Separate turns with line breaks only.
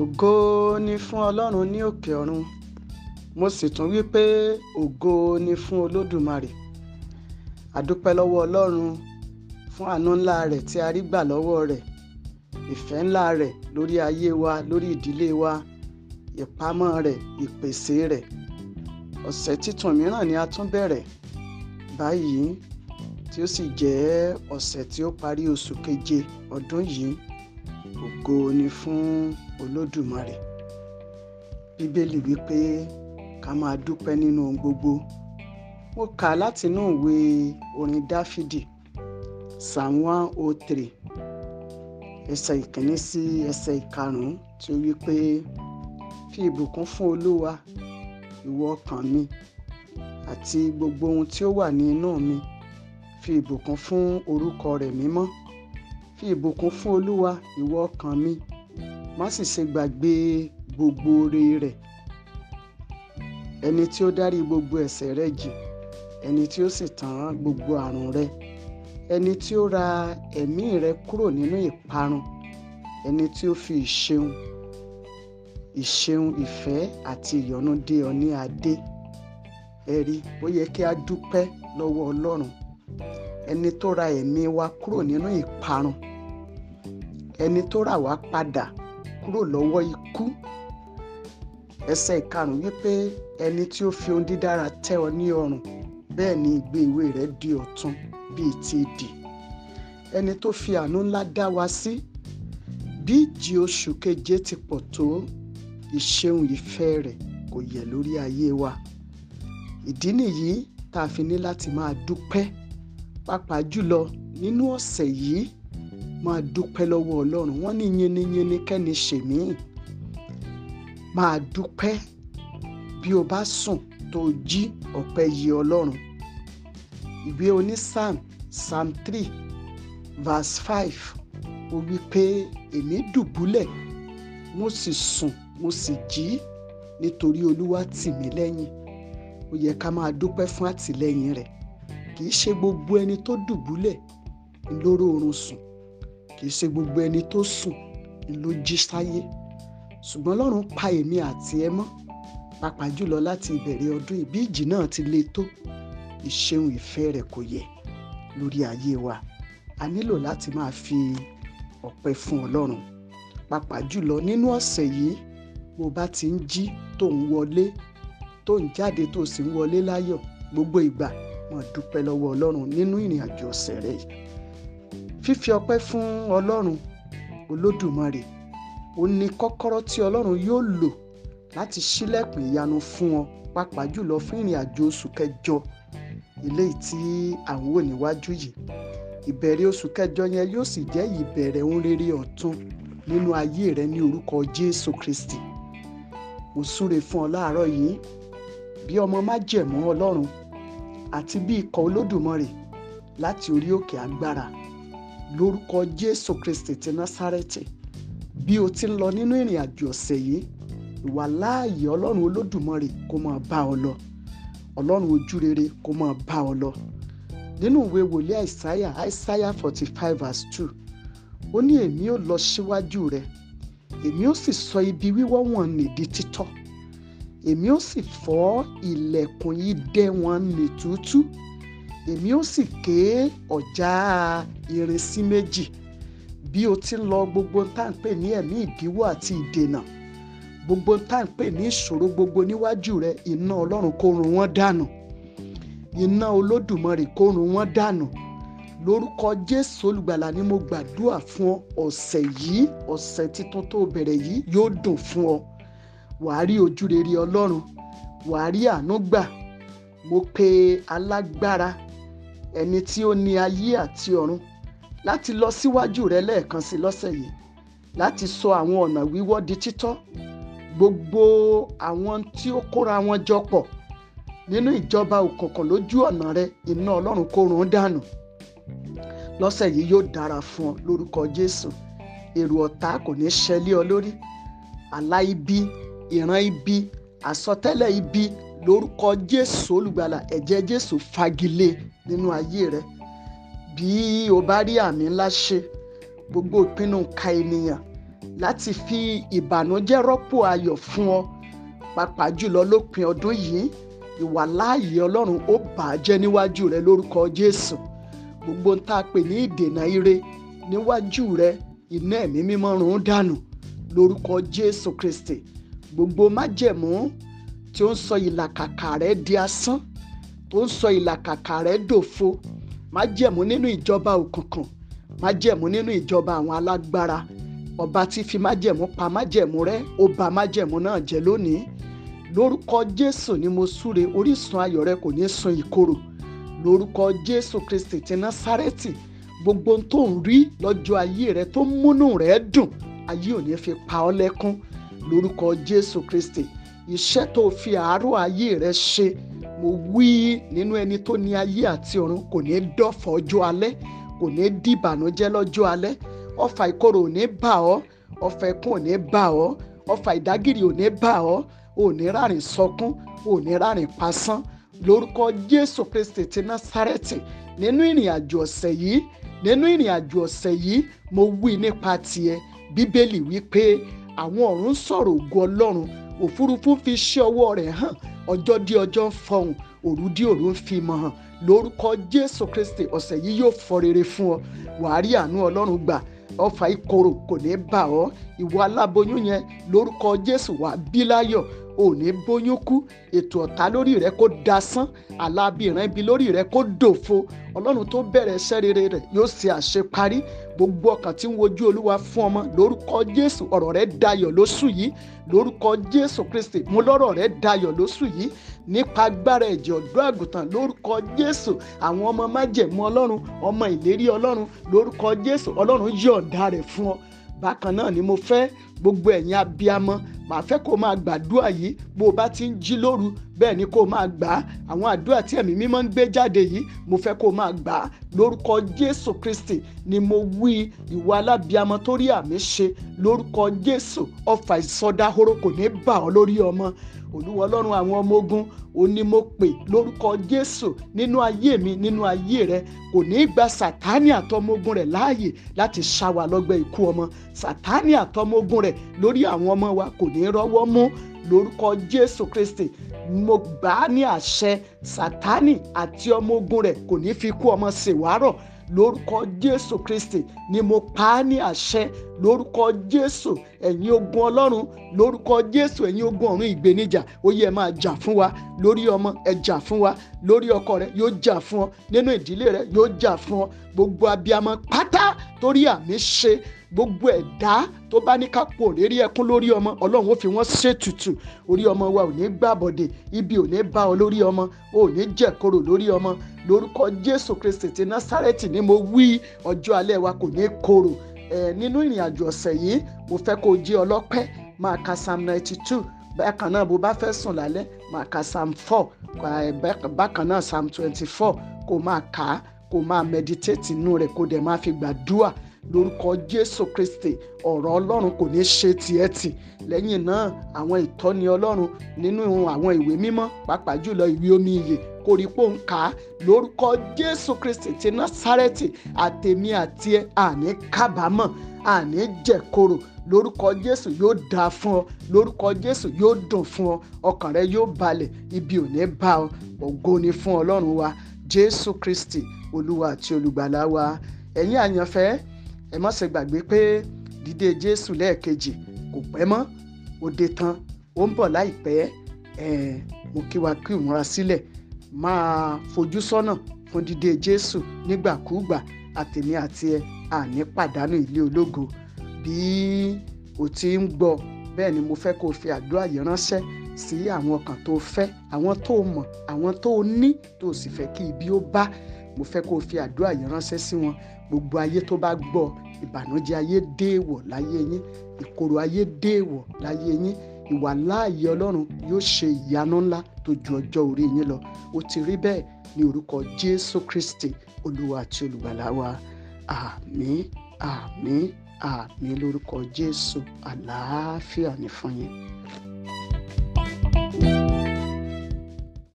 ògo ni fún ọlọ́run ní òkè ọ̀run mo sì tún wí pé ògo ni fún olódùmarè àdúpẹ́ lọ́wọ́ ọlọ́run fún àánú ńlá rẹ̀ tí a rí gbà lọ́wọ́ rẹ̀ ìfẹ́ ńlá rẹ̀ lórí ayé wa lórí ìdílé wa ìpamọ́ rẹ̀ ìpèsè rẹ̀ ọ̀sẹ̀ titun mìíràn ni a tún bẹ̀rẹ̀ báyìí tí ó sì jẹ́ ọ̀sẹ̀ tí ó parí oṣù keje ọdún yìí ògo ni fún olódùmarè bíbélì wípé ká máa dúpẹ́ nínú ohun gbogbo mo kà látinú ìwé orin dáfídì psalm one oh three ẹsẹ̀ ìkíní sí ẹsẹ̀ ìkarùn-ún tí ó wípé fi ìbùkún fún olúwa ìwọ ọkàn mi àti gbogbo ohun tí ó wà ní inú mi fi ìbùkún fún orúkọ rẹ̀ mímọ́ fi ìbùkún fún olúwa ìwọ ọkàn mi má sì ṣe gbàgbé gbogbo oore rẹ̀ ẹni tí ó dárí gbogbo ẹ̀ṣẹ̀ rẹ jì ẹni tí ó sì tán gbogbo àrùn rẹ ẹni tí ó ra ẹ̀mí rẹ kúrò nínú ìparun ẹni tí ó fi ìṣeun ìṣeun ìfẹ́ àti ìyọ́nú dé ọ ní adé ẹ̀rí ó yẹ kí a dúpẹ́ lọ́wọ́ Ọlọ́run ẹni tó ra ẹ̀mí wa kúrò nínú ìparun ẹni tó rà wá padà kúrò lọ́wọ́ ikú ẹsẹ̀ ìkarùn wípé ẹni tí ó fi ohun dídára tẹ́ ọ ní ọrùn bẹ́ẹ̀ ni ìgbé ìwé rẹ di ọ̀tun bíi ti dì ẹni tó fi àánú ńlá dá wa sí bí ìjì oṣù keje ti pọ̀ tó ìṣeun ìfẹ́ rẹ̀ kò yẹ̀ lórí ayé wa ìdí nìyí tá a fi ní láti máa dúpẹ́ pàápàá jùlọ nínú ọ̀sẹ̀ yìí máa dúpẹ́ lọ́wọ́ ọlọ́run wọ́n ní yinniyinni kẹ́ni ṣèmí máa dúpẹ́ bí o bá sùn tó jí ọpẹ́ yí ọlọ́run ìwé oní psalm psalm three verse five ó wí pé èmi dùbúlẹ̀ mo sì sùn mo sì jí nítorí olúwa tì mí lẹ́yìn ó yẹ ká máa dúpẹ́ fún àtìlẹ́yìn rẹ̀ kì í ṣe gbogbo ẹni tó dùbúlẹ̀ ńlóró oorun sùn kì í ṣe gbogbo ẹni tó sùn ló jí sáyé ṣùgbọ́n Ọlọ́run pa èmi àti ẹ mọ́ pàápàá jùlọ láti ìbẹ̀rẹ̀ ọdún ìbí ìjì náà ti le tó ìṣeun ìfẹ́ rẹ̀ kò yẹ lórí ayé wa a nílò láti máa fi ọpẹ́ fún Ọlọ́run pàápàá jùlọ nínú ọ̀sẹ̀ yìí bó bá ti ń jí tó ń wọlé tó ń jáde tó sì ń wọlé láyọ̀ gbogbo ìgbà máa dúpẹ́ lọ́wọ́ Ọlọ́run nínú ìrìn àjò ọ̀sẹ̀ rẹ̀ yìí fífi ọpẹ́ fún ọlọ́run olódùmarè ó ní kọ́kọ́rọ́ tí ọlọ́run yóò lò láti ṣílẹ̀kùn ìyanu fún ọ pàápàá jùlọ fún ìrìn àjò oṣù kẹjọ eléyìí tí à ń wò níwájú yìí ìbẹ̀rẹ̀ oṣù kẹjọ yẹn yóò sì jẹ́ ìbẹ̀rẹ̀ ohun rere ọ̀tun nínú ayé rẹ ní orúkọ jésù kristi mo súre fún ọ láàárọ̀ yìí bí ọmọ májẹ̀mú ọlọ́run àti bí ikọ̀ olódùmarè láti orí òkè agbára lórúkọ jésù kristi ti násárẹ́tì bí o ti ń lọ nínú ìrìn àjò ọ̀sẹ̀ yìí ìwà láàyè ọlọ́run olódùmarè kó máa bá ọ lọ ọlọ́run ojúrere kó máa bá ọ lọ nínú ìwé wòlíì àìsáyà àìsáyà forty five verse two ó ní èmi ó lọ síwájú rẹ èmi ó sì sọ ibi wíwọ́ wọn nìdí títọ́ èmi ó sì fọ́ ilẹ̀kùn idẹ wọn nìtútú èmi ó sì ké ọ̀já ire sí méjì bí o ti lọ gbogbo tá à ń pè ní ẹ̀mí ìdíwọ́ àti ìdènà gbogbo tá à ń pè ní ìṣòro gbogbo níwájú rẹ iná ọlọ́run kó run wọ́n dànù iná olódùmarè kó run wọ́n dànù lórúkọ jésù olùgbàlà ni mo gbàdúrà fún ọ ọ̀sẹ̀ yìí ọ̀sẹ̀ titun tó bẹ̀rẹ̀ yìí yóò dùn fún ọ wàá rí ojú ọlọ́run wàá rí àánú gbà mo pe alágbára ẹni tí ó ní ayé àti ọ̀run láti lọ síwájú rẹ lẹ́ẹ̀kan sí lọ́sẹ̀ yìí láti sọ àwọn ọ̀nà wíwọ́ di títọ́ gbogbo àwọn tí ó kóra wọn jọ pọ̀ nínú ìjọba òkùnkùn lójú ọ̀nà rẹ iná ọlọ́run kó run dànù lọ́sẹ̀ yìí yóò dára fún ọ lórúkọ jésù èrò ọ̀tá kò ní ṣẹlẹ̀ ọ lórí àlá ibi ìran ibi àsọtẹ́lẹ̀ ibi lórúkọ jésù olùgbàlà ẹ̀jẹ̀ jésù fagilé nínú ayé rẹ bí o bá rí àmì ńlá ṣe gbogbo ìpinnu ka ènìyàn láti fi ìbànújẹ́ rọ́pò ayọ̀ fún ọ pàápàá jùlọ lópin ọdún yìí ìwàláàyè ọlọ́run ó bàjẹ́ níwájú rẹ lórúkọ jésù gbogbo ń tá a pè ní ìdènà ire níwájú rẹ iná ẹ̀mí mímọ́ run dànù lórúkọ jésù kristi gbogbo májẹ̀mú tí ó ń sọ ìlàkàkà rẹ di asán tó ń sọ ìlàkàkà rẹ dòfo májẹ̀mú nínú ìjọba òkùnkùn májẹ̀mú nínú ìjọba àwọn alágbára ọba tí fi májẹ̀mú pa májẹ̀mú rẹ ó bà májẹ̀mú náà jẹ́ lónìí lórúkọ Jésù ni mo súre orísun ayọ̀ rẹ kò ní sun ìkorò lórúkọ Jésù Kristi ti Násárẹ́tì gbogbo tó ń rí lọ́jọ́ ayé rẹ tó ń múnú rẹ dùn ayé ò ní fi pa ọ́ lẹ́kún lórúkọ Jésù Kristi iṣẹ́ tó fi àárọ̀ ayé rẹ ṣe mo wí nínú ẹni tó ní ayé àti ọ̀run kò ní dọ̀fọ̀ ọjọ́ alẹ́ kò ní dìbànújẹ́ lọ́jọ́ alẹ́ ọfà ìkorò ò ní bà ọ́ ọfà ẹkún ò ní bà ọ́ ọfà ìdágìrì ò ní bà ọ́ ò ní rárìn sọkún ò ní rárìn pasán lórúkọ Jésù Kristi ti Násárẹ́tì nínú ìrìn àjò ọ̀sẹ̀ yìí nínú ìrìn àjò ọ̀sẹ̀ yìí mo wí nípa tiẹ̀ bíbélì wípé àwọn ọ̀run sọ̀rọ̀ ògo Ọlọ́run òfurufú fi ṣẹ́ ọwọ́ rẹ̀ hàn ọjọ́ dí ọjọ́ ń fọhùn òru dí òru ń fi mọ̀ hàn lórúkọ jésù kristi ọ̀sẹ̀ yìí yóò fọ rere fún ọ wàá àánú ọlọ́run gbà ọfà ìkorò kò ní bà ọ́ ìwọ aláboyún yẹn lórúkọ jésù wàá bí láyọ̀ òní bóyún kú ètò ọ̀tá lórí rẹ kó dasán alábìrán ibi lórí rẹ kó dòfo ọlọ́run tó bẹ̀rẹ̀ iṣẹ́ rere rẹ̀ yóò ṣe àṣeparí gbogbo ọkàn tí ń wojú olúwa fún ọmọ lórúkọ jésù ọ̀rọ̀ rẹ dayọ̀ lóṣù yìí lórúkọ jésù kristi mú lọ́rọ̀ rẹ dayọ̀ lóṣù yìí nípa agbára ẹ̀jẹ̀ ọ̀dọ́ àgùntàn lórúkọ jésù àwọn ọmọ májẹ̀mú ọlọ́run ọmọ ìlérí ọlọ́run lórúkọ jésù ọlọ́run yọ̀ǹda rẹ̀ fún ọ bákan náà ni mo fẹ́ gbogbo ẹ̀yin abiyamọ màá fẹ́ kó máa gbàdúrà yìí bó o bá ti ń jí lóru bẹ́ẹ̀ ni kó o máa gbà á àwọn àdúrà tí ẹ̀mí mímọ́ ń gbé jáde yìí mo fẹ́ kó o máa gbà á lórúkọ Jésù Kristi ni mo wí ìwà alábiyamọ tó rí àmì ṣe lórúkọ Jésù ọfà ìsọdahoro kò ní bà ọ́ lórí ọmọ olúwa ọlọ́run àwọn ọmọ ogun òní mo pè lórúkọ jésù nínú ayé mi nínú ayé rẹ kò ní í gba sàtánì àtọmọ ogun rẹ láàyè láti ṣá wa lọ́gbẹ́ ikú ọmọ sàtánì àtọmọ ogun rẹ sílẹ̀ lórí àwọn ọmọ wa kò ní rọ́wọ́ mú lórúkọ Jésù Kristi mo gbà á ní àṣẹ Sátánì àti ọmọ ogun rẹ̀ kò ní fi kú ọmọ ṣèwárọ̀ lórúkọ jésù kristi ni mo pa á ní àṣẹ lórúkọ jésù ẹ̀yin ogun ọlọ́run lórúkọ jésù ẹ̀yin ogun ọ̀run ìgbéníjà ó yẹ máa jà fún wa lórí ọmọ ẹ jà fún wa lórí ọkọ rẹ yóò jà fún ọ nínú ìdílé rẹ yóò jà fún ọ gbogbo abiyamọ pátá torí àmì ṣe gbogbo ẹ̀dá tó bá ní ká po òréré ẹkún lórí ọmọ ọlọ́run ó fi wọ́n ṣètùtù orí ọmọ wa ò ní gbàbọ̀dè ibi ò ní bá ọ lórí ọmọ ò ní jẹ̀kọ̀rọ̀ lórí ọmọ lórúkọ jésù kristi ti násárẹ́tì ni mo wí ọjọ́ alẹ́ wa kò ní korò ẹ̀ nínú ìrìn àjò ọ̀sẹ̀ yìí mo fẹ́ kó o jí ọlọ́pẹ́ máa ka psalm ninety two bákan náà bó bá fẹ́ sùn lálẹ́ máa ka psalm four bákan náà psalm twenty four kó máa kà kó máa meditate inú rẹ̀ kó dẹ̀ máa fi gbàdúrà lórúkọ jésù kristi ọ̀rọ̀ ọlọ́run kò ní ṣe tiẹ̀ tì lẹ́yìn náà àwọn ìtọ́ni ọlọ́run nínú àwọn ìwé mímọ́ pàápàá jùlọ ìwé omi ìyè koríko ń kà á lórúkọ jésù kristi ti násárẹ́tì àtèmi àti ẹ àní kábàámọ̀ àní jẹ̀koro lórúkọ jésù yóò dáa fún ọ lórúkọ jésù yóò dùn fún ọ ọkàn rẹ yóò balẹ̀ ibi ò ní bá ọ ògo ni fún ọlọ́run wa jésù kristi olúwa àti olùgbàlà wa ẹ̀yin àyànfẹ́ ẹ má ṣe gbàgbé pé dídé jésù lẹ́ẹ̀kejì kò pẹ́ mọ́ òde tán ó ń bọ̀ láìpẹ́ ẹ̀ mo kí wa kí ìmúra sílẹ̀ máa fojú sọ́nà fún dídé jésù nígbàkúùgbà àtèmi àti ẹ àní pàdánù ilé ológo bí o ti ń gbọ́ bẹ́ẹ̀ ni mo fẹ́ kó o fi àdúrà yìí ránṣẹ́ sí àwọn kan tó fẹ́ àwọn tó mọ̀ àwọn tó ní tó sì fẹ́ kí ibi ó bá mo fẹ́ kó o fi àdúrà yìí ránṣẹ́ sí wọn gbogbo ayé tó bá gbọ́ ìbànújẹ́ ayé déèwọ̀ láyé yín ìkorò ayé déèwọ̀ láyé yín ìwà láàyè ọlọ́run yóò ṣe ìyanu ńlá tó ju ọjọ́ orí yín lọ ó ti rí bẹ́ẹ̀ ní orúkọ jésù kristi olúwa àti olùgbàlà wa àmín àmín lórúkọ jésù àlàáfíà ní fún yín.